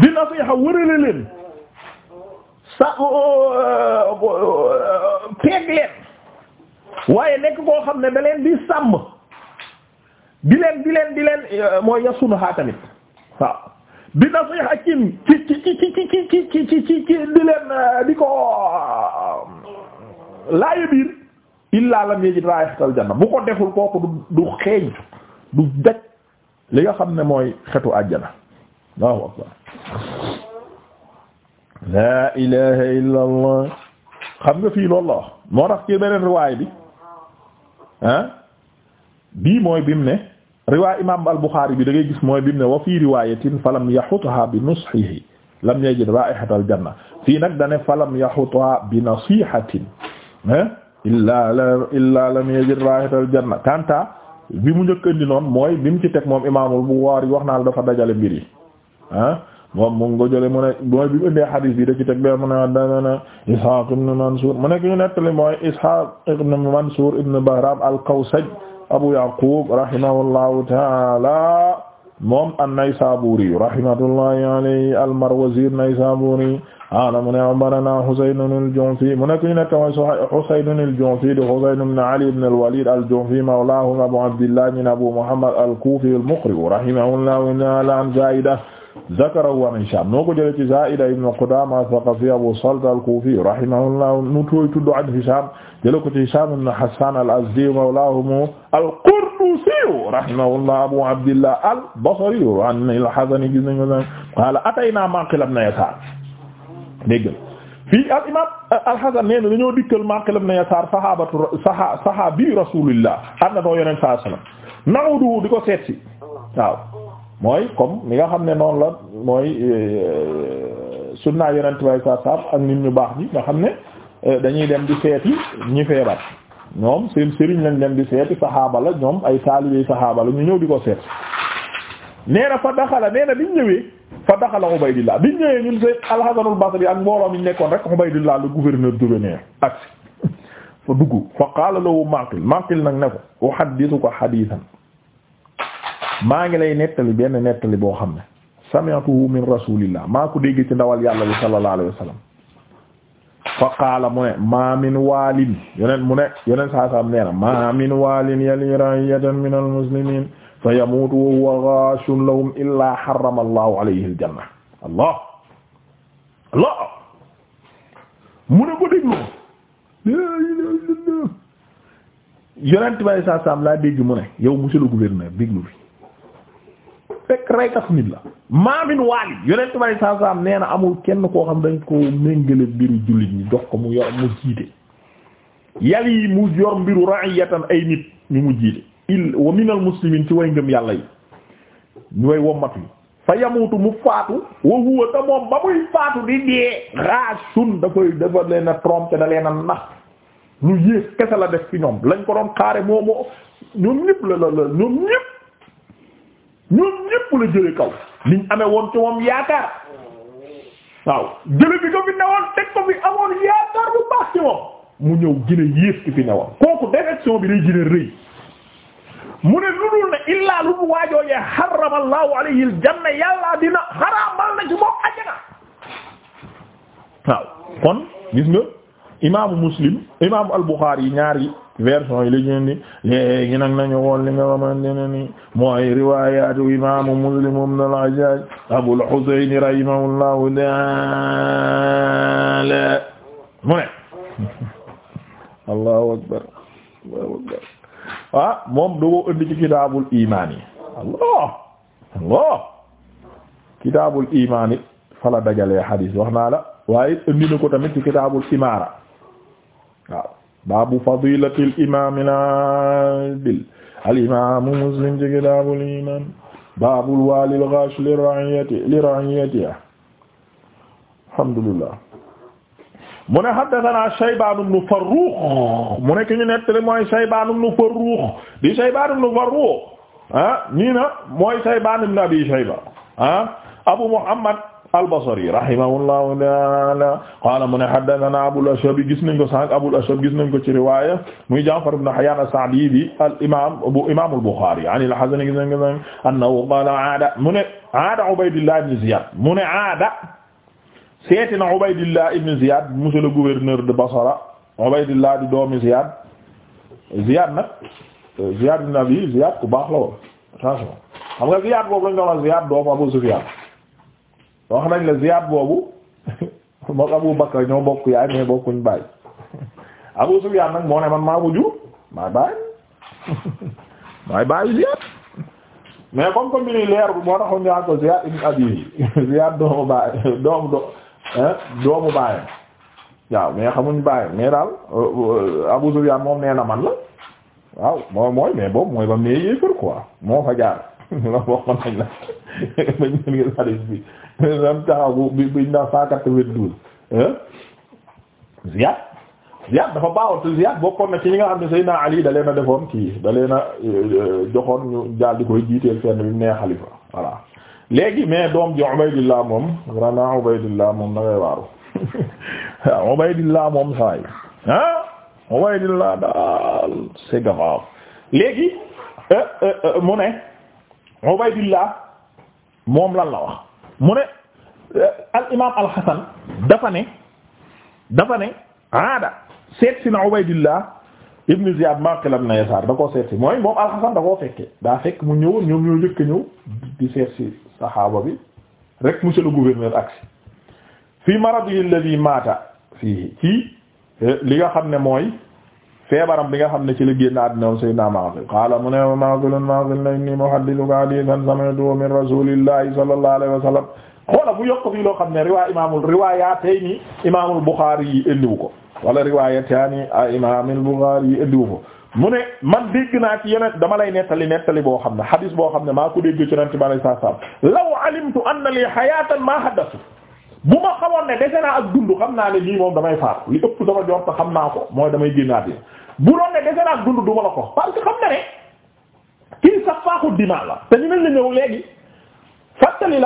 di nasiha wërale leen sa peeg leen waaye nekk koo xam ne da leen di sàmm di leen di leen di leen mooy yasunaha tamit waaw di nasiha cin ci ci ci ci ci ci ci ci ci ci di leen di ko laayo biir illaa lam yajid raihatal ko deful kooku du du xeeñ du daj li nga xam ne mooy xetu àjjana Allahu akbar laa ilaha illa allah xam nga fii loolu la wax moo tax ci beneen riwaay bi ah, bii mooy bimu ne riwaay imam al bi da ngay gis mooy bimu ne wa fii riwayatin falam yaxutha bi nushihi lam yajid raihata al janna fii nag dane falam yaxutha bi nasihatin ah, illa la illa lam yajid raihata kanta bi mu njëkk andi noonu mooy bi mu ci teg moom imam al wax naa la dafa dajale mbir ah moom mu ngi ko jëlee mu ne mooy bi mu indee hadis bi da ci teg bee mu ne haddathana Ishaq ibn Mansur mu ne ki ñu nettali mooy Ishaq ibn Mansur ibn Bahram al-Kawsaj Abu Yaqub rahimahullahu ta'ala moom an-Naysaburi rahimatullahi alayhi al-Marwazi an-Naysaburi ana mu ne ambarana Husayn al-Ju'fi mu ne ki ñu nettali mooy Husayn al-Ju'fi di Husayn ibn Ali ibn al-Walid al-Ju'fi mawlahum Abu Abdillah min Abu Muhammad al-Kufi al-Muqri rahimahullahu ta'ala an Zaida zakarahu wa min Sham noo ko jëlee ci Zaida ibn Qudama ath-Thaqafi Abu Salt al-Kufi rahimahullah nu tooy tudd an Hisham jëlee ko ci Hisham ibn Hassan al-Azdi mawlahum al-Qurtusi rahimahullah Abu Abdillah al-Basri an al-Hazani gis nañu ne qala atayna Maqil ibn Yasar dégg fii al-imam al-Hasan nee na dañoo dikkal Maqil ibn Yasar sahabatu sahabi rasulillah am na doo yeneen saa sallam na'udu di ko seetsi waaw mooy comme mi nga xam ne noonu la mooy euh, sunna yonent way sa sab ak nit ñu baax ji nga xam ne euh, dañuy dem di seeti ñi feebar ñoom seen sëriñ lañ dem di seeti saxaaba la ñoom ay taalibe saxaaba la ñu ñëw di ko seet nee na fa daxala nee na biñ ñëwee fa daxala Ubaydillah biñ ñëwee ñun seen alxasanul basri ak mbooloo mi nekkoon rek Ubaydillah le gouverneur devenir aksi fa dugg fa qaala lahu Maqil Maqil nag ne ko uhaddithuka hadithan maa ngi lay nettali benn nettali boo xam ne sami'tuhu min rasulillah maa ko dégg ci ndawal yàlla bi sallallahu alayhi wa sallam fa qaala mu ne ma min waalin yeneen mu ne yeneen saa saam nee na ma min waalin yali rayyatan min almuslimin fa yamuutu wa huwa ghaashun lahum illaa harrama allahu alayhi aljanna allah allah mu ne ko déglu yeneen tubaab yi saa saam laa dégg mu ne yow monsieur le gouverneur déglu fi fekk raykatu nit la maamin waali yonent bari saa saam nee na amul kenn koo xam dañ ko méngale mbiru jullit ñi jox ko mu yor mu jiite yàlla yi mu yor mbiru ra'iyatan ay nit ñu mu jiite il minal muslimin ci way ngëm yàlla yi ñu way wommatu yi fa yamutu mu faatu wa moom ba muy faatu di dee raasun dafay dafa leen a tromper da leen a nax lu yées kese la def ci ñoom lañ ko doon xaare moo moo ñoom ñëpp la la la ñoom ñëpp ñoom ñépp la jële kaw liñ amee woon ci moom yaakaar waaw jële bi ko fi newoon teg ko fi amoon yaakaar bu baax ci moom mu ñëw gine yées ki fi newoon kooku défection bi day gine rëy mu ne lu dul ne illaa lu mu waajoojee xarama allahu yàlla dina xaraamal na ci moom ajjana waaw kon gis nga imaamu muslim imaamu al-Bukhari yi ñaari version yi la ñu ni nañu xool li nga xamante ne ni mooy riwayatu imaamu muslim ibn al-Hajjaj Abul Husayn rahimahullahu ta'ala mu ne allahu akbar allahu akbar ah moom dogoo indi ci kitaabul imaan yi allah allah dajalee xadiis wax la waaye indi ko tamit ci kitaabul imaara waaw baabu fadilatil imaamil aadil al imaamu muslim ci kitaabul iimaan baabul waalil ghaash li ra'iyyati li ra'iyyatihi alhamdulillah mu ne haddathana Shaybaan ibn Farrukh mu ne ki ñu nettali mooy Shaybaan ibn Farrukh di Shaybaan ibn Farrukh ah nii na mooy Shaybaan ibn Abi Shayba ah Abu Muhammad al-Basri rahimahullahu ta'ala qaala mu ne haddathana Abul Ashhab gis nañ ko sànq Abul Ashhab gis nañ ko ci riwaaya muy Ja'far ibn Hayyan as-Sa'di bi al imaam bu imaamul Bukhari an al-Hasan gis nañ ko sànq annahu qaala aada mu ne aada Ubaydillah ibn Ziyad mu ne aada seeti na Ubaydillah ibn Ziyad monsieur le gouverneur de Basra Ubaydillah di doomi Ziyad Ziyad nag Ziyad ibn Abi Ziyad ku baax la woon attention xam nga Ziyad boobu lañ doon Ziyad doomu Abu Sufyan wax nañ la Ziyad boobu mook Abu Bakr ñoo bokk yaay mais bokkuñ baay Abu Sufyan nag moo ne man maa ko jur maay baay maay baayu Ziyad mais comme que mbiri leer bu moo taxoon ñaa ko Ziyad ibn Abi Ziyad doomu baay doomu do doomu baayam waaw mais xamuñ baayam mais daal euh, Abu Sufyan moom ne na man la waaw moom mooy mais boobu mooy ba mu nee yéefar quoi moo fa jaar loolu wax nañ la bañ ngeen gis hadith bi même taxaw bu bi biñ na cent quatre-vingt-douze Ziyad Ziyad dafa baaxoon te Ziyad bokkoon na ci ñi nga xam ne Seydina Ali da leen a defoon kii da leen a euh, euh, joxoon ñu daal di koy jiiteel fenn bi mu nee xalifa voilà léegi mais doom ji Ubaydillah moom vraiment moom da waaru waaw Ubaydillah moom saa yi ah Ubaydillah daal euh, mu ne moom lan la wax. mu ne eh, al imaam al Hasan dafa ne dafa ne aada seet si na Ubaydillah ibn Ziyad Maqil ibn Yasar da koo seet mooy moom al Hasan da koo fekkee daa fekk mu ñëwoon ñoom ñoo njëkk a ñëw di seet si saxaaba bi rek monsieur le gouverneur agsi fii maradihi alladhi maata fii ci eh, li nga xam ne mooy feebaram bi nga xam ne ci la génn àddina woon sayyidina Ma'qil qaala mu ne Ma'qilun Ma'qil ne inni muhaddithuka hadithan sami'tuhu min rasulillahi sallallahu alayhi wa sallam xoola bu yokk fii loo xam ne riwaay imaamul riwaayatayni imaamul Bukhari yi indiwu ko wala riwaayatayni imaamul Bukhari yi indiwu ko mu ne man dégg naa ci yonent dama lay nettali nettali boo xam ne hadis boo xam ne maa ko dégg ci yonent bi sallallahu alayhi wa sallam law alimtu anna li hayatan ma haddathu bu ma xamoon ne dese ak dund xam naa ne lii moom damay faatu li ëpp sama jor xam naa ko mooy damay génnaat yi bu doon ne dese ak dund du la ko parce que xam la te ñu la ñëw léegi fàttali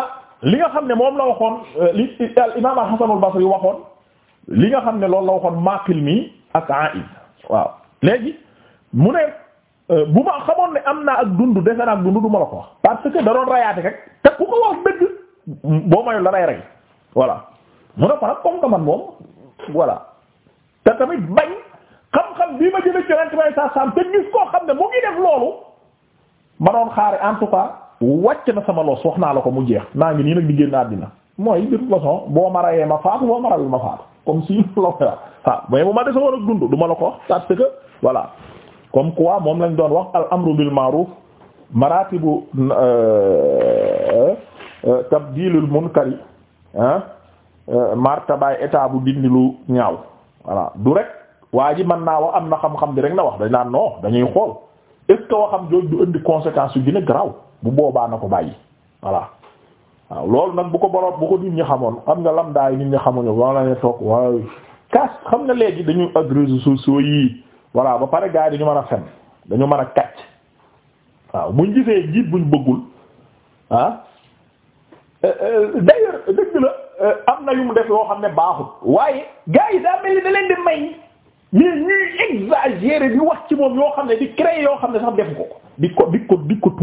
li nga xam ne moom la waxoon euh, li al imam al Hasan al Basri waxoon li nga xam ne loolu la waxoon maqil mi ak waaw léegi mu ne euh, bu ma ne am naa ak dund dese naa ak ma la ko wax parce que da doon rayaate rek te ku ko wax dëgg boo mayul la lay rek voilà mu ne ko comme que moom voilà te tamit bañ xam-xam bii ma jëlee ci Yonent bi saa saam te gis koo xam ne mu ngi def loolu ma doon xaare en tout cas wàcc na sama los wax naa la ko mu jeex naa ngi nii nag di génn àddina mooy boo ma rayee ma faatu boo ma rayul ma faatu comme si la ko ah mais bu ma dese woon ak dund duma la ko wax parce que voilà comme quoi moom lañ doon wax al amru bil ma'ruf maratibu euh, euh, tabdilul munkari Euh, martabaay état bu dindi lu ñaaw voilà du rek waa ji mën naa wax am na xam-xam bi rek na wax dañ naan non dañuy xool est-ce que du indi conséquence yu gën a garaaw bu boobaa na ko bàyyi voilà waaw loolu nag bu ko boroom bu ko nit ñi xamoon xam nga lamdaay nit ñi xamuñu wala ne toog waaye kaas xam na léegi dañu ak réseaux sociaux yii voilà ba pare gars yi dañu mën a fen dañu man a kàcc waaw buñ gisee njiit buñ bëggul ah Euh, euh, d'ailleurs dëgg la euh, am na yu mu def yoo xam ne baaxul waaye gars yi daa mel ni da di may mais ñuy exagérer di wax ci moom yoo xam ne di créer yoo xam ne sax def ko ko di ko di ko di ko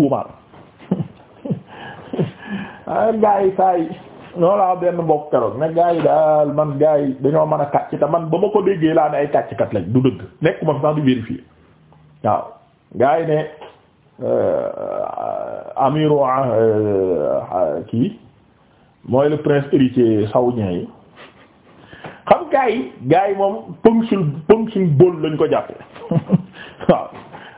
ah, yi saa yi ñoo laa benn mbokk keroog ne gars yi daal man gars yi dañoo mën a kàcc te man ba ma ko déggee laa ne ay kàcckat lañ du dëgg nekkuma fi sax di vérifier waaw gars yi ne amiru kii. mooy le prince héritier saoudien yi xam gaa yi gaa yi moom pëngsul pëngsul bol lañ ko jàppe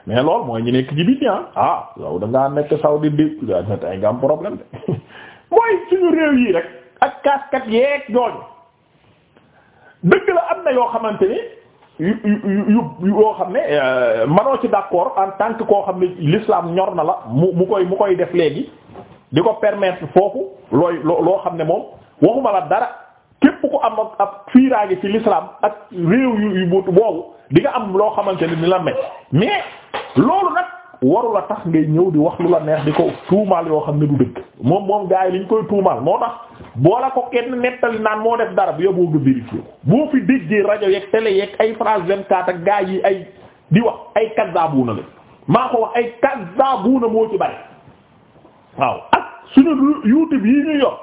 mais loolu mooy ñu nekk ci biti ah, ah yow da ngaa nekk saudi ay nga am problème de mooy suñu réew yi rek ak kaaskat yeeg jooju dëgg la am na yoo xamante ni yoo xam ne euh, manoo ci d'accord en tant que koo xam ne l'islam ñor na la mu mu koy mu koy def léegi di ko permettre foofu looy loo xam ne moom waxuma la dara képp ku am ak ab fiiraange ci l'islam ak réew yu boobu di nga am loo xamante ni ni la mel mais loolu nag waru la tax ngay ñëw di wax lu la neex di ko tuumaal yoo xam ne du dëgg moom moom gars yi li ñu koy tuumaal moo tax boola ko kenn nettali naan moo def dara bu yóbbu nga vérifié boo fi déggee rajo yeeg télé yeeg ay France 24 ak gars yi ay di wax ay kazzabuna la maa ko wax ay waaw. suñu youtube yi ñu yor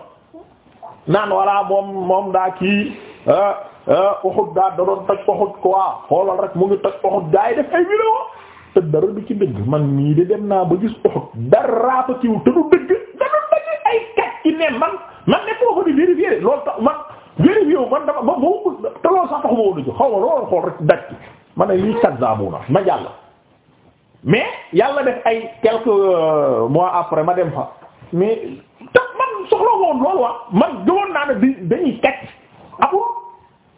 naan walla moom moom daa kii Uhud daa doon toj Uhud quoi xoolal rek mu ngi toj Uhud gaa def ay vidéo te dara du ci dëgg man nii de dem naa ba gis Uhud dara ba te du dëgg da doon ay kat ci ne man man ne ko ko di vérifier loolu tax man vérifier wu man dama ba boobu te loolu sax taxuma woon a jóg xaw ma lii kat zaabu na ma jàll mais yàlla def ay quelques euh, mois après ma dem fa. mais te man soxla woon loolu wax man gëwoon naa ne bi dañuy kàcc amul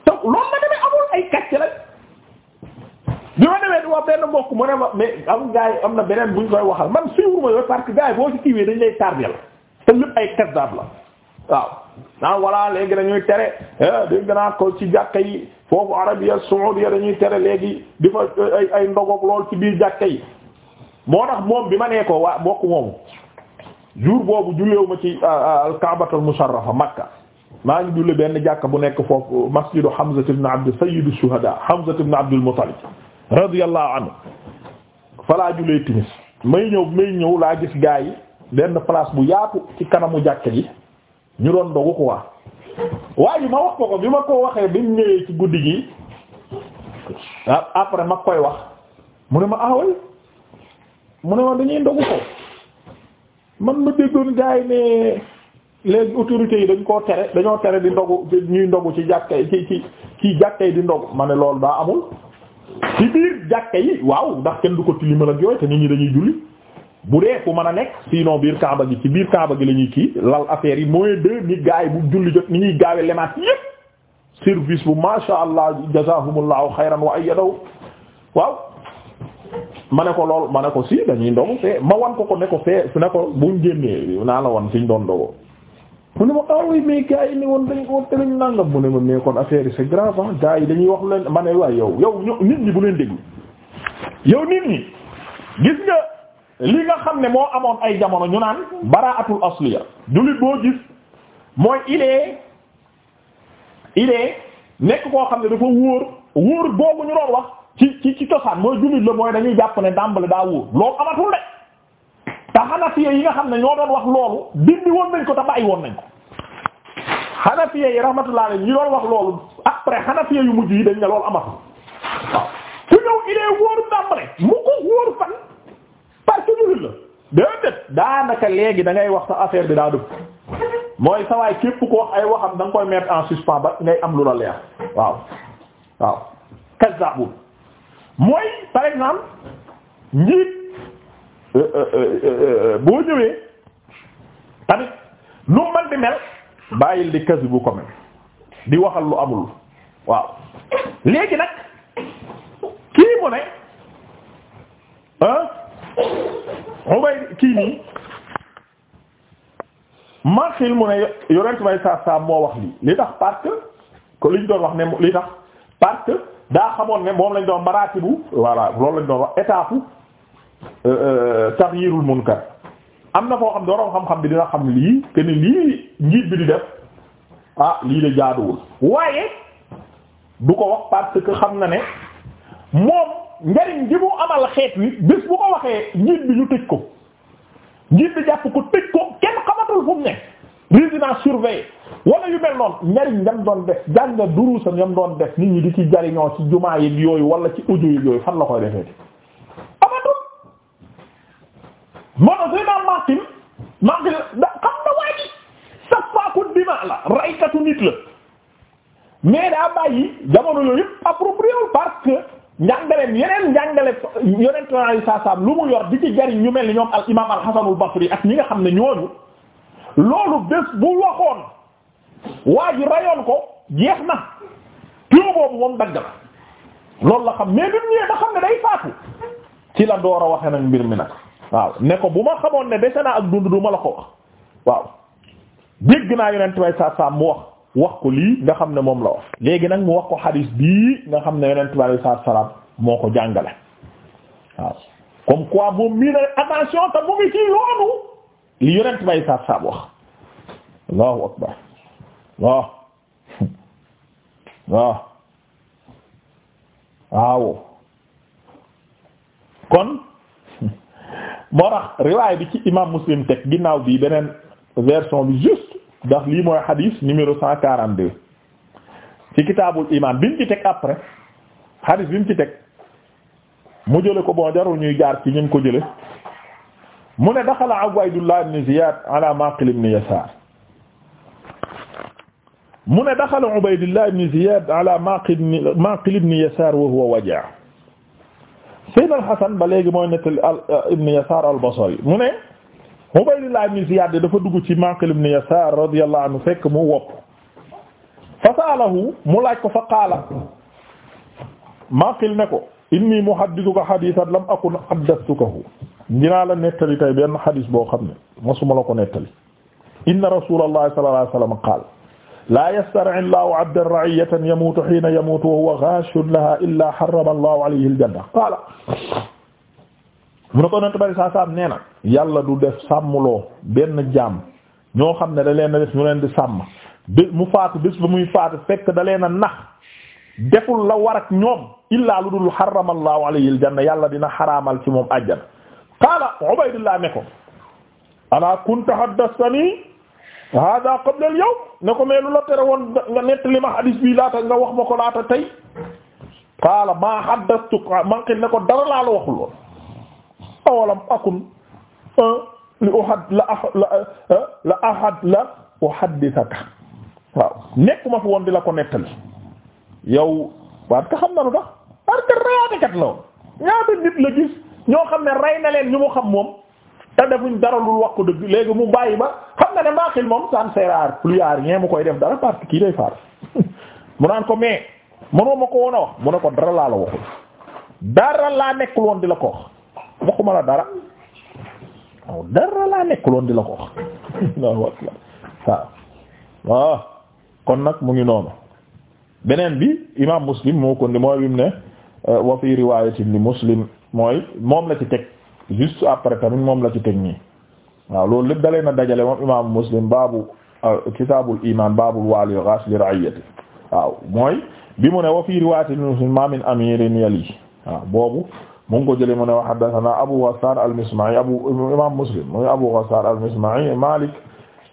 te ma demee amul ay kàcc la bi ma demee di wax benn mbokk mu ne ma mais am gars yi am na beneen buñ koy waxal man suivre ma yooyu parce que gars yi la te lépp ay kazzab la waaw léegi dañuy tere ah, dégg ci jàkka yi foofu Arabia Saoudia dañuy tere léegi di fa ay ay ndogoog lool ci biir jàkka yi moo tax moom bi ma nee ko waa mbokk moomu jur boobu julleewu ma ci ah, ah, alkaabatul musharrafa makka maa ngi julli benn jàkka bu nekk foofu masjidu Hamza ibn Abd sayyid ash-shuhada Hamza ibn Abd al-Muttalib radiyallahu anhu falaa jullee timis may ñëw may ñëw laa gis gaa yi benn place bu yaatu ci kanamu jàkka ji ñu doon dogu ko waa waaye ma wax ko ko bi ma ko waxee bi mu ñëwee ci guddi gi ah, après ma koy wax mu ne ma awal mu ne ma dañuy dogu ko man ma déggoon gars ne léegi autorités yi dañ koo tere dañoo tere di ndogu ñuy ndogu ci jàkka ci ci ci jàkka yi di ndogu ma ne loolu daa amul ci biir jàkka yi waaw ndax kenn du ko tilimal ak yooyu te nit ñi dañuy julli bu dee fu mën a nekk sinon biir kaaba gi ci biir kaaba gi lañuy ñuy kii lal affaire yi mooy de ni gars yi bu julli jot ni ñuy gaawe lemaat yépp service bu masha allah jazahumullahu xayran wa ayyadahu waaw ma ne ko lool ma ne ko si dañuy ndogu fee ma wan ko ko ne ko fee su ne ko buñ génnee naa la wan ñu doon ndogoo mu ne ma ah oui mais gars yi ni woon dañ ko tëliñ nangam mu ne ma mais kon affaire yi c'est grave ah gars dañuy wax leen ma ne waay yow yow nit ñi bu leen déglu yow nit ñi gis nga li nga xam ne moo amoon ay jamono ñu naan baraatul asliya jullit boo gis mooy il est nekk koo xam ne dafa wóor wóor boobu ñu doon wax. ci ci ci cosaan mooy jullit la mooy dañuy jàpp ne dàmbale daa wóor loolu amatul de te xanafiya yi nga xam ne ñoo doon wax loolu dindi woon nañ ko te bàyyi woon nañ ko xanafiya yi rahmatullahi alayhi ñu doon wax loolu après xanafiya yu mujj yi dañ ne loolu amatul waaw ku ñëw idée wóoru dàmbale mu ko wóor fan parce que jullit la déedéet daanaka léegi da ngay wax affaire bi daa dëpp mooy sawaay képp ko ay waxam da koy mettre en suspens ba ngay am lu la leer waaw mooy par exemple njiit euh, euh, euh, boo ñëwee tamit lu man di mel bàyyil di kasi bu ko mel di waxal lu amul waaw léegi nag kii mu ne ah ubay kii nii marchil mu ne yonent bay sa sa moo wax lii li tax parce que ko liñ doon wax ne li tax parce que daa xamoon ne moom lañ doon maratibu voilà loolu lañ doon wax étape euh, euh, taxyirul munkar am na foo xam dooroom xam-xam bi dina xam lii que ni lii njiit bi di def ah lii de jaaduwul waaye du ko wax parce que xam na ne moom njariñ gi mu amal xeet wi bis bu ko waxee njiit bi ñu tëj ko njiit bi jàpp ko tëj ko kenn xamatul fu ne résidence surveillée wala yu mel noonu njariñ ngam doon def jàng duruusam ñoom doon def nit ñi di ci jariñoo ci jumaa yi yooyu wala ci audio yi yooyu fan la koy defee amatul moo la raykatu nit la mais daa bàyyi jamono yooyu yëpp approprié wul parce que njàngaleem yeneen njàngale yeneen tonali saasaam lu mu yor di ci jariñ ñu mel ni ñoom al imam al Hasan al ak ñi nga xam ne ñooñu loolu bés bu waxoon waa ji rayoon ko jeex na tuyau moom dagg la loolu la xam mais bi ñëwee ba xam ne day faatu ci la door a waxee nag mbir mi nag waaw ne ko bu ma xamoon ne dese naa ak dund du ma la ko wax waaw dégg naa yonent bay saa saa mu wax wax ko lii nga xam ne moom la wax léegi nag mu wax ko xadiis bii nga xam ne yonent bay saa salaam moo ko jàngale waaw comme quoi moom mii attention te mu ngi ci yoonu li yonent bay saab saab wax allahu akbar waaw waaw waaw kon moo tax riwaay bi ci imam muslim teg ginnaaw bi beneen version bi juste ndax lii mooy hadith numéro cent quarante deux ci kitaabul iman bi mu ci teg après hadith bi mu ci teg mu jële ko bon jarul ñuy jaar ci ñun ko jële mu ne daxala Ubaydullah ibn Ziyad ala Maqil ibn Yasar mu ne daxala Ubaydullah ibn Ziyad ala Maqil ibn Yasar wa huwa waja' Sayyidina al-Hasan ba léegi mooy nettali uh, ibn Yasar al-Basri mu ne Ubaydullah ibn Ziyad dafa dugg ci Maqil ibn Yasar radiyallahu anhu fekk mu wopp fa sa'alahu mu laaj ko fa qaala Maqil ne ko inni muhaddithuka hadithan lam akun haddathtukahu dinaa la nettali tey benn xadis boo xam ne mosuma la ko nettali inna rasulallahi sallallahu alayhi wa sallam qaal laa yastari llahu abdan ra'iyatan yamuutu hiina yamuutu wa huwa ghaashun lahaa illaa harrama allahu alayhi aljanna qaala na yàlla du def sàmmloo benn jaam ñoo xam ne da leen a def ñu di sàmm bés mu faatu bés ba muy fekk da a nax deful la war ak ñoom illaa lu dul harrama allahu alayhi aljanna yàlla dina xaraamal ci moom àjjana qaala ala kunta haddathani hada qabla al yawm ne ko mais lu la tere ma hadis bi ko ne ko dara laa waxul woon awalam akun ah, li uhad la ah, la ah, la uhaddithaka nekkuma fi woon di la ko nettali yow waat ka xam na lu tax parce que rayaatekat la woon ñaata nit la gis ñoo xam ne rey na leen ñu mu xam moom te defuñ dara lu wax ko dëgg léegi mu bàyyi ba xam na ne baaxil moom ça ne plus à rien mu koy def dara parce que kii day faar mu naan ko mais mënoo ma ko woon a wax mu ne ko dara laa la waxul dara laa nekkul woon di la ko wax waxuma la dara waaw dara laa nekkul woon di la ko wax waaw waaw kon nag mu ngi noonu beneen bi imaam muslim moo ko ndi mooy bi ne wa mooy moom la ci teg juste après tamit moom la ci teg nii waaw loolu lépp dalee na dajale moom imaamu muslim baabu euh, kitaabul iman baabul waali ghash li ra'iyati waaw mooy bi mu ne wa fii riwaayatin muslim ma min amirin yali waaw boobu mu ngi ko jëlee mu ne wa haddathana abu ghassaan al-misma'i abu imam muslim muy abu ghassaan al-misma'i malik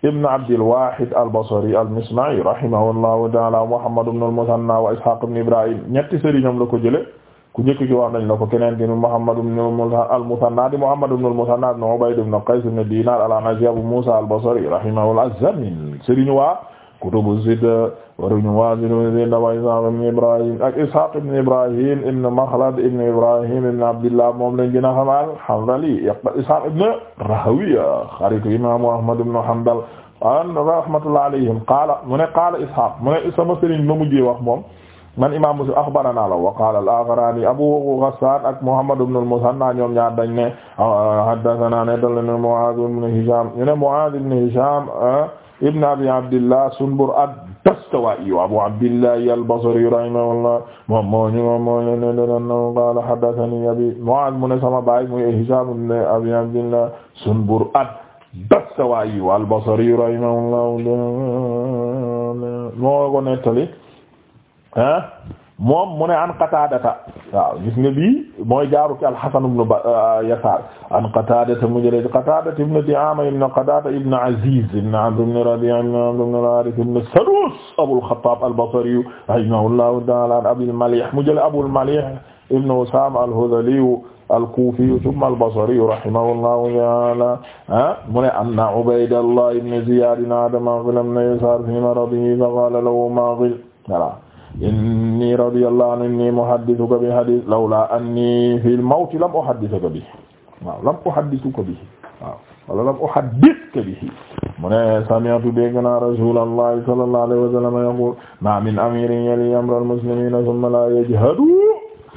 ibn abdil wahid al-basri al-misma'i rahimahullahu ta'ala muhammad ibn al-muthanna wa ishaq ibn ibrahim ñetti sëriñam la ko jëlee ku njëkk ci wax nañ la ko keneen ki Muhammad ibn al-Muthanna di Muhammad ibn al-Muthanna ibn Ubayd ibn Qays ibn Dinar al-Anazi Abu Musa al-Basri rahimahullah az-Zamin sëriñ waa kutubu sitta waruñu waa Sitta wa Ishaq ibn Ibrahim ak Ishaq ibn Ibrahim ibn Makhlad ibn Ibrahim ibn Abdillah moom lañ gën a xamal Hanzali Ishaq ibn Rahawiya xaritu imaamu Ahmad ibn Hanbal an rahmatullah alayhim qaala mu ne qaala Ishaq mu ne sama sëriñ ma mujjee wax moom man imam Muslim akhbarana la wa qala al-Aghrani Abu Ghassan ak Muhammad ibn al-Muthanna ñoom ñaar dañ ne haddathana ne dal na Mu'adh ibn Hisham ne Mu'adh ibn Hisham ah, ibn Abi Abdillah Sunbur ad-Dastuwa'i Abu Abdillah al-Basri rahimahullah moom moo ñu moom moo ñu ne dana qala haddathani abi Mu'adh mu ne sama baay muy Hisham ibn Abi Abdillah Sunbur ad-Dastuwa'i al-Basri rahimahullah moo ko nettali ah moom mu ne an qatadata waaw gis nga bii mooy jaaru ci alxasan ibnu euh, yasaar an qatadata mu jëlee qatadata ibnu di'aama ibnu qataada ibnu aziz ibnu amr ibnu rabi'a ibnu amr ibnu al-haaris ibnu saduus abul xattaab al-basri rahimahullahu ta'aala an abil maliih mu jëlee abul maliih ibnu usaama al-hudhali al-kuufi thumma al-basri rahimahullahu ta'aala ah mu ne anna ubaydallah ibnu ziyaad inni radiyallahu anhu inni muhaddithuka bi hadith lawla anni fil mawti lam uhaddithuka bi waaw lam uhaddithuka bi waaw wala lam uhaddithuka bi mu ne sami'tu dégg naa rasulallahi sallallahu alayhi wa sallam yaqul ma min amirin yali amra al-muslimina thumma la yajhadu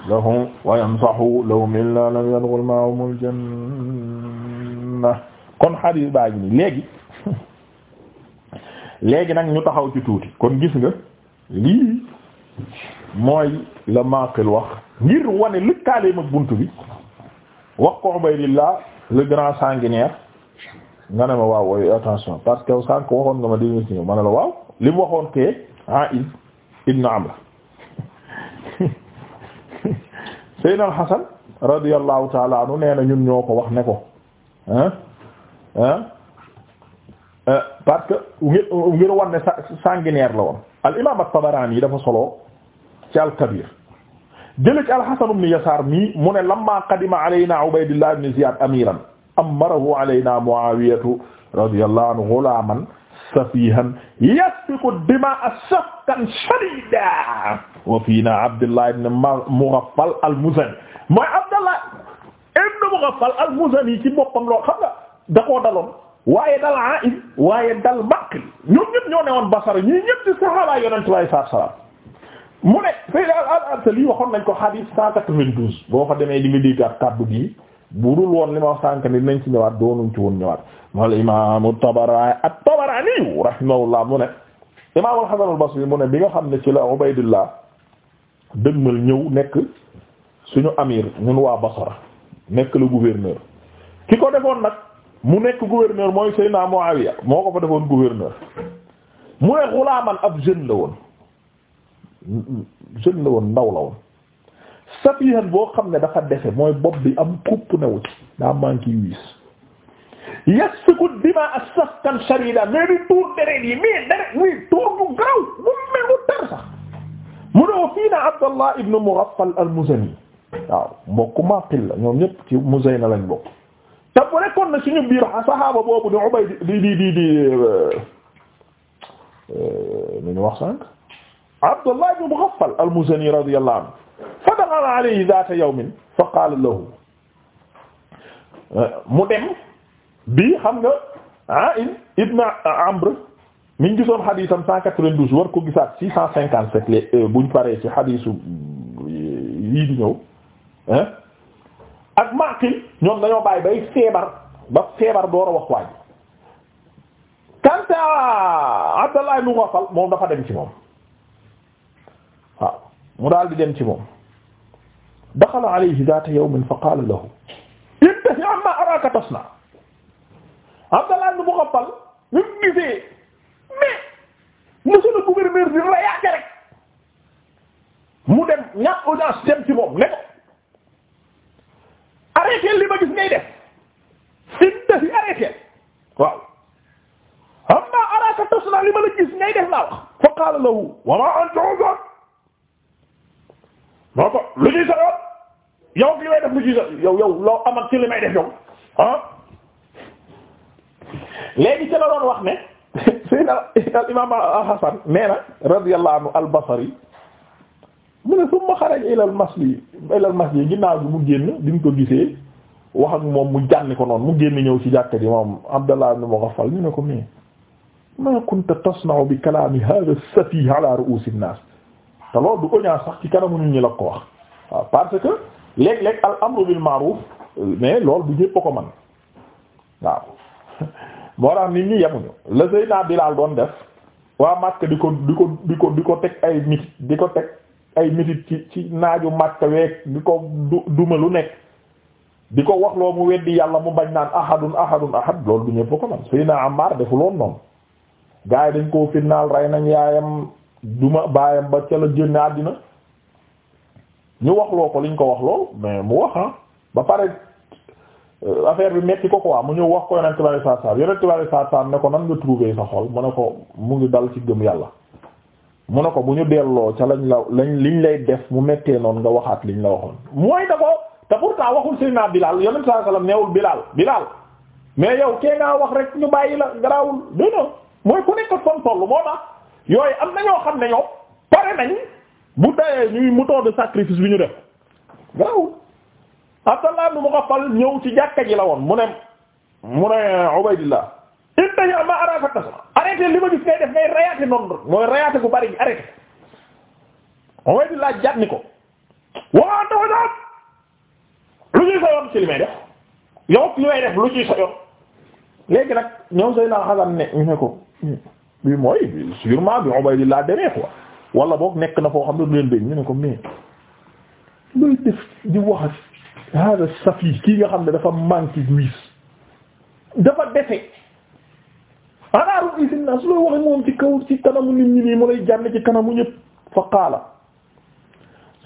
lahum wa yansahu lahum illa lam yadkhul ma'ahum al-janna kon hadith baa ngi nii léegi léegi nag ñu taxaw ci tuuti kon gis nga lii mooy la Maqil wax ngir wane lëkkaaleem ak bunt bi wax ko Ubaydillah le grand sanguinaire nga ne ma waaw ooy attention parce que sànq waxoon nga ma déglu si ma ne la waaw li waxoon kee Aïd ibn Amr Seydina Al Hasan ko wax ne ko ah parce que ngir ngir wan ne sanguinaire la woon al imaam at-Tabarani dafa solo. ci al-Kabir jële ci al-Hasan ibn Yasaar mii mu ne lamma qadima alaynaa Ubaydullah ibn Ziyaad amiran amarahu alaynaa Muawiyatu radiyallahu anhu ghulaaman safiihan yasfiku dimaa safkan shadiidan wa fiinaa Abdullah ibn Mughaffal al-Muzani mooy Abdullah ibn Mughaffal al-Muzani ci boppam loo xam nga da koo daloon waaye dal Aa'il waaye dal Maqil ñoom ñëpp ñoo newoon Basra ñii ñëpp ci saxaaba Yonent bi sallallahu alayhi wa sallam mu ne Seydou al-Arsali waxoon nañ ko hadith 192 boo ko demee di nga déggaat kàddu gi bu dul woon li ma wax sànq ni nañ ci ñëwaat doonuñ ci woon ñëwaat. wal imaamu Tabarani at-Tabarani rahimahullah mu ne imaam al-Hasan al-Basri mu ne bi nga xam ne ci la Ubaydullah dëgmal ñëw nekk suñu amir ñun waa Basra nekk le gouverneur ki ko defoon nag mu nekk gouverneur mooy Seydina Muawiya moo ko fa defoon gouverneur mu ne xulaaman ab jeune la jeune la woon ndaw la woon safihan boo xam ne dafa dese mooy bopp bi am kupp newu ci daa manqué wiis yasfiku dima as-safkan sharida mais di tuur deret yi mais tuur bu garaw bu mel bu tar mu ne fii na Abdallah ibn Mughaffal al-Muzani waaw mbokku Maqil la ñoom ñëpp ci Muzayna lañ bokk te bu nekkoon na suñu biir saxaaba boobu di Ubayd di di di euh, euh, wax sànq. Abdullah ibn Mughaffal al-Muzani radiyallahu anhu fa daxala alayhi zaata yawmin fa qaala lahu mu dem bii xam nga A'il ibn Amr mi ngi gisoon xadisam 192 war ko gisaat 657 le euh, buñ paree ci xadisu euh, yii di ñëw ah ak Maqil ñoom dañoo bàyyi bay feebar ba feebar door a wax waaj quant à Abdallah ibn Mughaffal moom dafa dem ci moom waaw mu daal di dem ci moom daxala alayhi zaata yawmin fa qaala lahu intahi amma araka tasna Abdallah ibn Mughaffal ñu gisee mais monsieur le gouverneur bi la yàgg rek mu dem ñàkk audience dem ci moom ne ko arrêté li ma gis ngay def intahi arrêté waaw amma araka tasna li ma la gis ngay def laa wax fa qaala lahu wa ma anta non ko lu ñuy sa yoon yow lu ñuy sa yow yow loo am ak ci may def yow ah? léegi ci la doon wax ne sayna al imam al-Hasan nee na radiyallahu anhu al-Basri mu ne summa xaraja ila al-masjid ila al-masjid ginnaaw bi mu génn bi mu ko gisee wax ak moom mu jànni ko noon mu génn ñëw ci jàkka ji moom Abdallah ibn Mughaffal ñu ne ko mais ma kunta tasna'u bi kalami hadha as-safih ala ru'us an-nas te loolu du oñaa sax ci kanamu nit ñu la ko wax waaw parce que léeg-léeg al amru bil ma'ruf mais loolu bu ñëpp ko man waaw moo tax nit ñi yemuñu la Seydina Bilaal doon def waa Makka di ko di ko di ko di ko teg ay mitit di ko teg ay mitit ci ci naaju Makka week di ko du duma lu nekk di ko wax loo mu weddi yàlla mu bañ naan ahadun ahadun ahad loolu du ñëpp a ko mën Seydina Ammaar defu loon noonu gars yi dañ koo finnaal rey nañ yaayam duma baayam ba ca la génne àddina ñu wax loo ko liñ ko wax lool mais mu wax ah ba pare euh, affaire bi metti ko quoi mu ñëw wax ko yonent bi sallallahu alayhi wasallam yonent bi sallallahu alayhi wasallam ne ko nan nga trouver sa xol mu ne ko mu ngi dal ci gëm yàlla mu ne ko bu ñu delloo ca lañ la lañ liñ lay def mu mettee noonu nga waxaat liñ la waxoon mooy da ko te pourtant waxul Seydina Bilal yonent bi sallallahu alayhi wasallam neewul Bilal Bilal mais yow kee ngaa wax rek ñu bàyyi la garaawul non non mooy ku nekk son toll moo tax yooyu am na ñoo xam ne ñoom pare nañ bu dayee ñuy mouton de sacrifice bi ñu def garaawul Abdallah ibn Mughaffal ñëw ci jàkka ji la woon mu ne mu ne Ubaydillah intahi amma araka tasma arrêté li ma gis ngay def ngay rayaate noonu mooy rayaate bu bari gi arrêté Ubaydillah jàpp ni ko waa tawa daat lu ñuy sa yoon def yow li def lu ñuy sa yoon léegi nag ñoom Seydina Hasan ne ñu ne ko bi mooy sûrement bi Ubaydillah demee quoi wala boog nekk na foo xam ne du leen dégg ñu ne ko mais looy def di wax ak hada safi kii nga xam ne dafa manqué wiis dafa defe anaaru isin nas looy wax moom ci kaw ci kanamu nit ñi nii mu lay jànn ci kanamu ñëpp fa qaala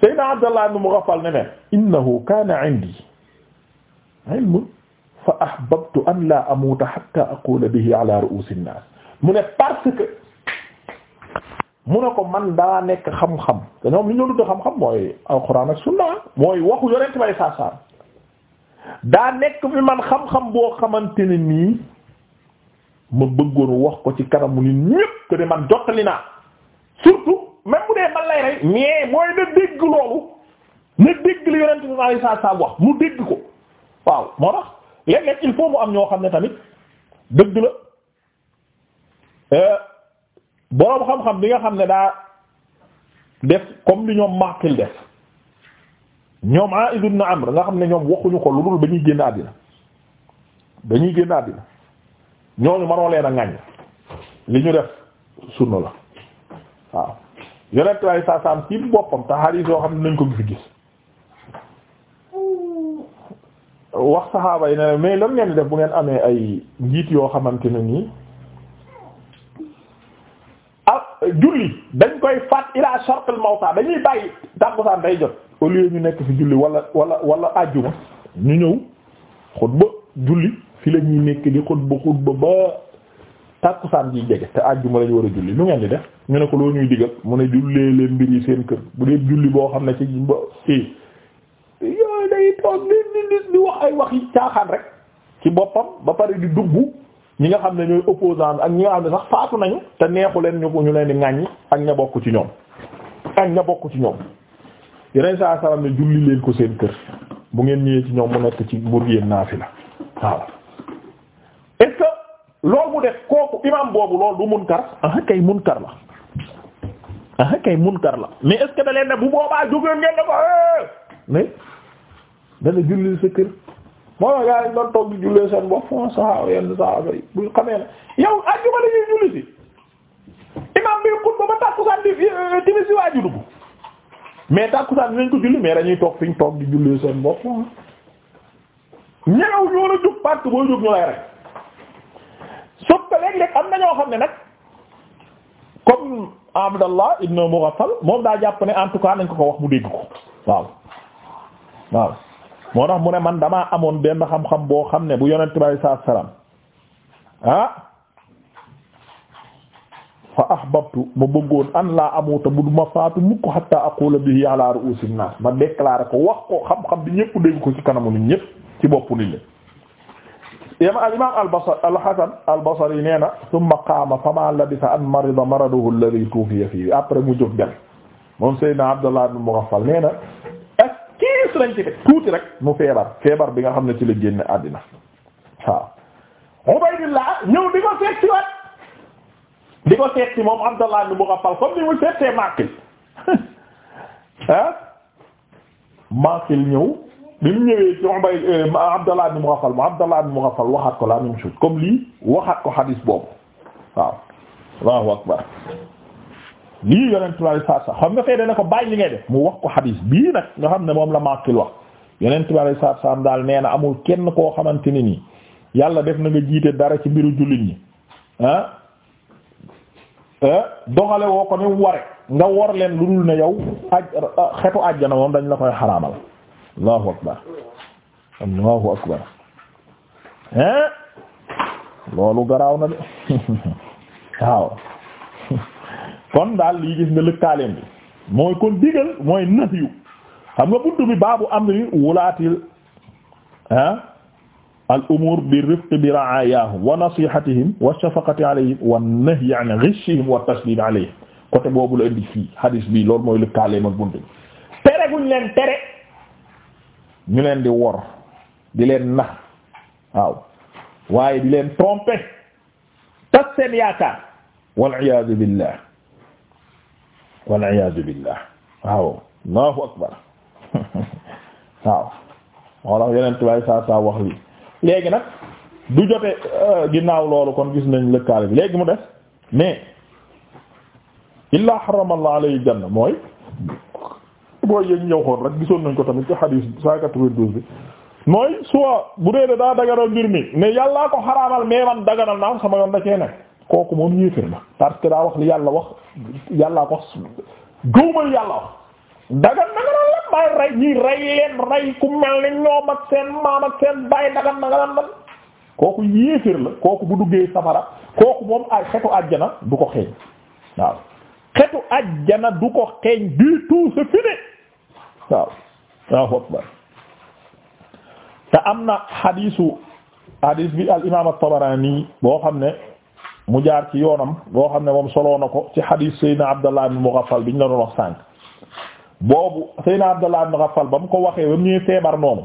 sayyidina Abdallah ibn Mughaffal ne ne innahu kaana indi ilmun fa ahbabtu an la amuuta hatta aqula bihi ala ru'usi nnaas mu ne parce que mu ne ko man daa nekk xam-xam te ñoom li ñu doon xam-xam mooy alquran ak sunna mooy waxu yonent bay saasaan daa nekk fi man xam-xam boo xamante ne nii ma bëggoon wax ko ci kanamu ni ñépp que ne man jottali naa surtout même bu dee man rey mais mooy na dégg loolu na dégg li yonent bi sallallahu alayhi wasallam wax mu dégg ko waaw moo tax. léeg-léeg il faut am ñoo xam ne tamit dëgg la euh, boroom xam-xam bi nga xam ne daa def comme li ñoom Maqil def ñoom Aïd ibn Amr nga xam ne ñoom waxuñu ko lu dul ba ñuy génn àddina ba ñuy génn àddina ñooñu manoo leen a ŋaññ li ñu def sunna la waaw yonent ay saasaam ci boppam te xadiis yoo xam ne nañ ko fi gis wax saxaaba yi ne mais lan ngeen def bu ngeen amee ay njiit yoo xamante ne nii ah julli dañ koy faat ila sharqil mawta dañuy bàyyi tàkkusaan day jot au ñu nekk ci julli wala wala wala àjjuma ñu ñëw xutba julli fi lañuy nekk di xutba xutba ba tàkkusaan ji jege te àjjuma lañu war a julli lu ngeen di def ñu ne ko loo ñuy digal mu ne jullee leen mbir yi seen kër bu dee julli boo xam ne ci yooyu day toog nit nit nit di wax ay wax yi caaxaan rek ci boppam ba pare di dugg ñi nga xam ne ñooy opposant ak ñi nga xam ne sax faatu nañu te neexu leen ñu ko ñu leen di ŋàññi ak ña bokk ci ñoom ak ña bokk ci ñoom yeneen saa salaam ne julli leen ko seen kër bu ngeen ñëwee ci ñoom mu nekk ci bur yéen naafi la waaw est-ce mu def kooku imam boobu loolu du munkar ah kay munkar la ah kay munkar la mais est da leen ne bu boobaa jógee ngeen ne ko eh! dana julli sa kër moo la gaa yi toog di jullee seen bopp fon saxaaba yenn saxaaba yi bu xamee ne yow àjjuma la ñuy julli si imam bi xutba ba tàkkusaan di eh, timis si waaju dugg mais tàkkusaan dinañ ko julli mais dañuy toog fiñ toog di jullee seen bopp ñëw ñoo la jóg parce boo jóg ñu rek sauf que léeg-léeg am na ñoo xam ne nag comme Abdallah ibn Mughaffal moom daa jàpp ne en tout cas nañ ko ko wax mu dégg ko waaw waaw moo tax mu ne man damaa amoon benn xam-xam boo xam ne bu yonent bi alayhi salaatu salaam ah fa ahbabtu ma bëggoon an laa amuta bu duma faatu mukk hatta aqula bihi ala ru'usin nas ma déclaré ko wax ko xam-xam bi ñëpp dégg ko ci kanamu nit ñëpp ci boppu nit ñi al imam al-Basri al-Hasan nee na thumma qaama fama labisa an marida maradahu alladhi tufiya fihi après mu jóg dem moom Seydina Abdullah ibn Mughaffal nee na kese lañ ci teg tuuti rek mu feebar feebar bi nga xam ne ci la génn àddina waaw Ubaydillah ñëw di ko seet ci wat di ko seet ci moom Abdallah ibn Mughaffal comme ni mu seetee Maqil ah Maqil ñëw bi mu ñëwee ci Ubayd eh, Abdallah ibn Mughaffal mu Abdallah ibn Mughaffal waxaat ko la même chose comme lii waxaat ko xadiis boobu waaw Allahu akbar lii yonentuwaayu saa saa xam nga fee dana ko bàyyi li ngay def mu wax ko xadiis bii nag nga xam ne moom la Maakil wax yonentuwaayu saa saa am daal nee na amul kenn koo xamante ne nii yàlla def na nga jiite dara ci mbiru jullit ñi ah? Ah? doxale woo ko ni ware nga wor leen lu dul ne yow aj ah, xetu àjjana moom dañ la koy xaraamal allahu akbar allahu akbar hein loolu garaaw na de waaw kon daal lii gis nga lëkkaaleem bi mooy kon digal mooy nahyu xam nga buntu bi baabu amri wulaatil ah bi rifq bi ra'ayahum wa nasihatihim wa shafaqati wa nahyi an ghishihim wa boobu la indi fii hadis bi loolu mooy lëkkaaleem ak buntu tere guñ leen tere ñu leen di wor di leen nax waaw waaye di leen tromper tas seen wal iyaazu billah wal iyaazu billah waaw allahu akbar waaw moo yeneen tubaab saa saa wax lii léegi nag du jote euh, ginnaaw loolu kon gis nañ lëkkaale bi léegi mu def mais illaa harrama allah alayhi janna mooy booy yéeg ñëw xool rek gisoon nañ ko tamit ci hadis cent quatre-vingt-douze bi mooy soit bu dee daa daganal mbir mi mais yàllaa ko xaraamal mais man daganal naa sama yoon da cee nekk kooku moom yéefér la parce que daa wax li yàlla wax yàllaa ko wax gëwmal yàlla wax dagan na nga daan lan bàyyi rey ñii rey leen rey ku mel ni ñoom ak seen maam ak seen bàyyi dagan na nga daan lan kooku yéefér la kooku bu duggee safara kooku moom ay xetu àjjana du ko xeeñ waaw xetu fini waaw te am na xadiisu xadiis bi al imaam at-Tabarani boo xam ne mu jaar ci yoonam boo xam ne moom soloo na ko ci hadith Seydina Abdallah ibn Mughaffal biñ la doon wax sànq boobu Seydina Abdallah ibn Mughaffal ba mu ko waxee ba mu ñëwee feebar noonu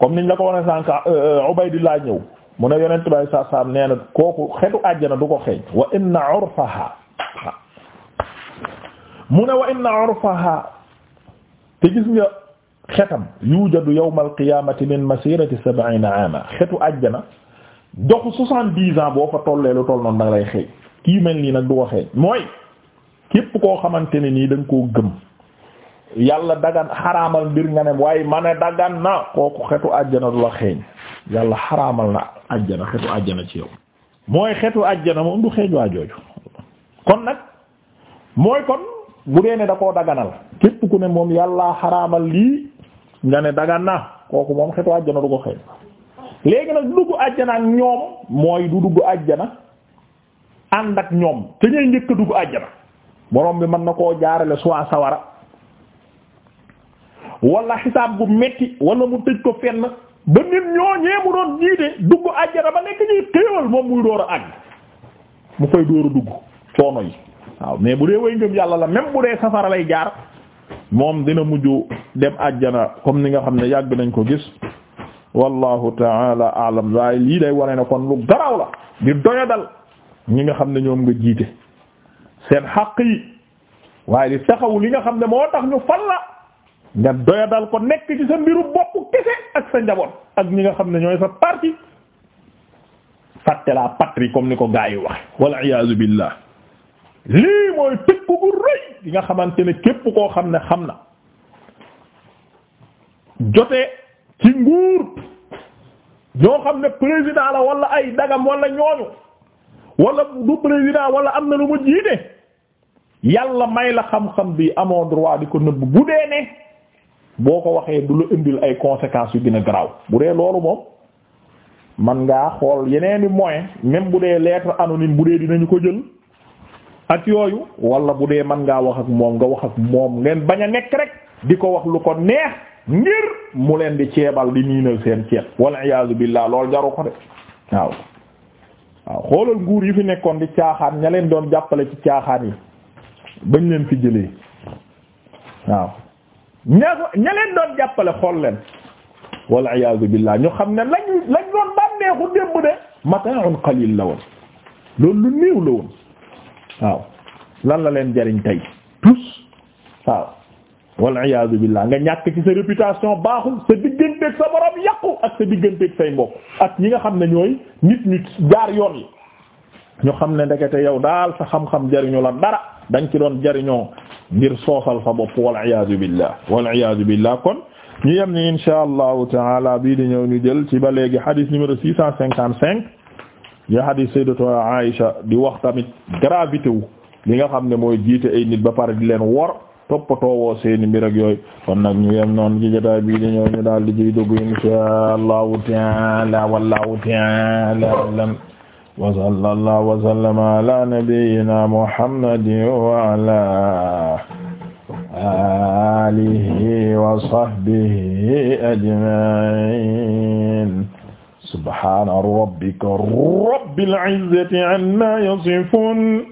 comme niñ la ko wane sànq euh, euh, Ubaydillah ñëw mu ne yonent bay saa saam nee na kooku xetu àjjana du ko xeeñ wa inna urfaha mu ne wa inna urfaha te gis nga xetam yujadu yawm al qiyamati min masirati sab'ina ama xetu àjjana doxu soixante-dix ans boo fa tollee lu toll noonu da lay xëy kii mel nii nag du ko xëy mooy képp koo xamante ne nii da koo gëm yàlla dagan xaraamal mbir nga ne waaye ma ne dagan na kooku xetu àjjana du la yàlla xaraamal na àjjana xetu àjjana ci yow mooy xetu àjjana moom du xeeñ nag mooy kon bu dee koo daganal képp ku ne yàlla xaraamal lii nga ne dagan na kooku moom xetu àjjana du ko xeeñ léegi nag dugg àjjana ak ñoom mooy du dugg àjjana ànd ak ñoom te ñuy njëkk a dugg àjjana borom bi mën na koo jaarale soit sawara wala xisaab metti wala mu mu doon jiite dugg àjjana ba moom muy door a mu koy door a dugg coono yi waaw mais bu dee way ngëm yàlla la même bu dee safara lay jaar moom dina mujj dem àjjana comme ni nga xam ne yàgg nañ ko gis wallahu taala alam waaye lii day wane ne kon lu garaw la di doya dal ñi nga xam ne ñoom nga jiite seen xaq yi waaye di taxaw li nga xam ne moo tax ñu fal la nga doya dal ko nekk ci sa mbiru bopp kese ak sa njaboot ak ñi nga xam ne ñooy sa parti fàtte la patrie comme ni ko gaa yi wax wal iyaazu billah lii mooy tëkku gu rëy gi nga xamante ne képp koo xam ne xam na jotee ci nguur ñoo xam ne président la wala ay dagam walla ñooñu wala du président wala am na lu ma jiite yàlla may la xam-xam bi amoo droit di ko nëbb bu dee ne boo ko waxee du la indil ay conséquences yu gën a garaaw bu dee loolu moom man ngaa xool yeneeni moyen même bu dee lettre anonyme bu dee dinañu ko jël at yooyu walla bu dee man ngaa wax ak moom nga wax ak moom ngeen bañ a nekk rek di ko wax lu ko neex ngir mu leen di ceebal di niinal seen ceeb wal iyaazu billaah loolu jaru ko de waaw waaw xoolal nguur yi fi nekkoon di caaxaan ña leen doon jàppale ci caaxaan yi bañ leen fi jëlee waaw ña ña leen doon jàppale xool leen wal iyaazu billaah ñu xam ne lañ lañ doon bànneexu démb de mataa'un qaliil la woon loolu lu néew la woon waaw lan la leen jariñ tey tous waaw wal iyaadu billah nga ñàkk ci sa réputation baaxul sa digganteeg sa borom yàqu ak sa digganteeg say mbokk ak ñi nga xam ne ñooy nit ñu jaar yoon yi ñu xam ne ndekete yow daal sa xam-xam jariñu la dara dañ ci doon jariñoo ngir soosal sa bopp wal iyaadu billah wal iyaadu billah kon ñu yem ni insha allahu taala bii di ñëw ñu jël ci ba léegi hadith numéro six cent cinquante cinq di hadith sayyidatu Aisha di wax tamit gravité wu li nga xam ne mooy jiite ay nit ba pare di leen wor toppatoo woo seeni mbir ak yooyu kon nag ñu yem noonu ci jotaay bii di ñëw ñu daal di ciy dugg inshaa Allahu ta'ala wallahu ta'ala a'lam wa sallallahu wa sallama ala nabiyyina Muhammadin wa ala alihi wa sahbihi ajma'in subhana rabbika rabbil izzati amma yasifun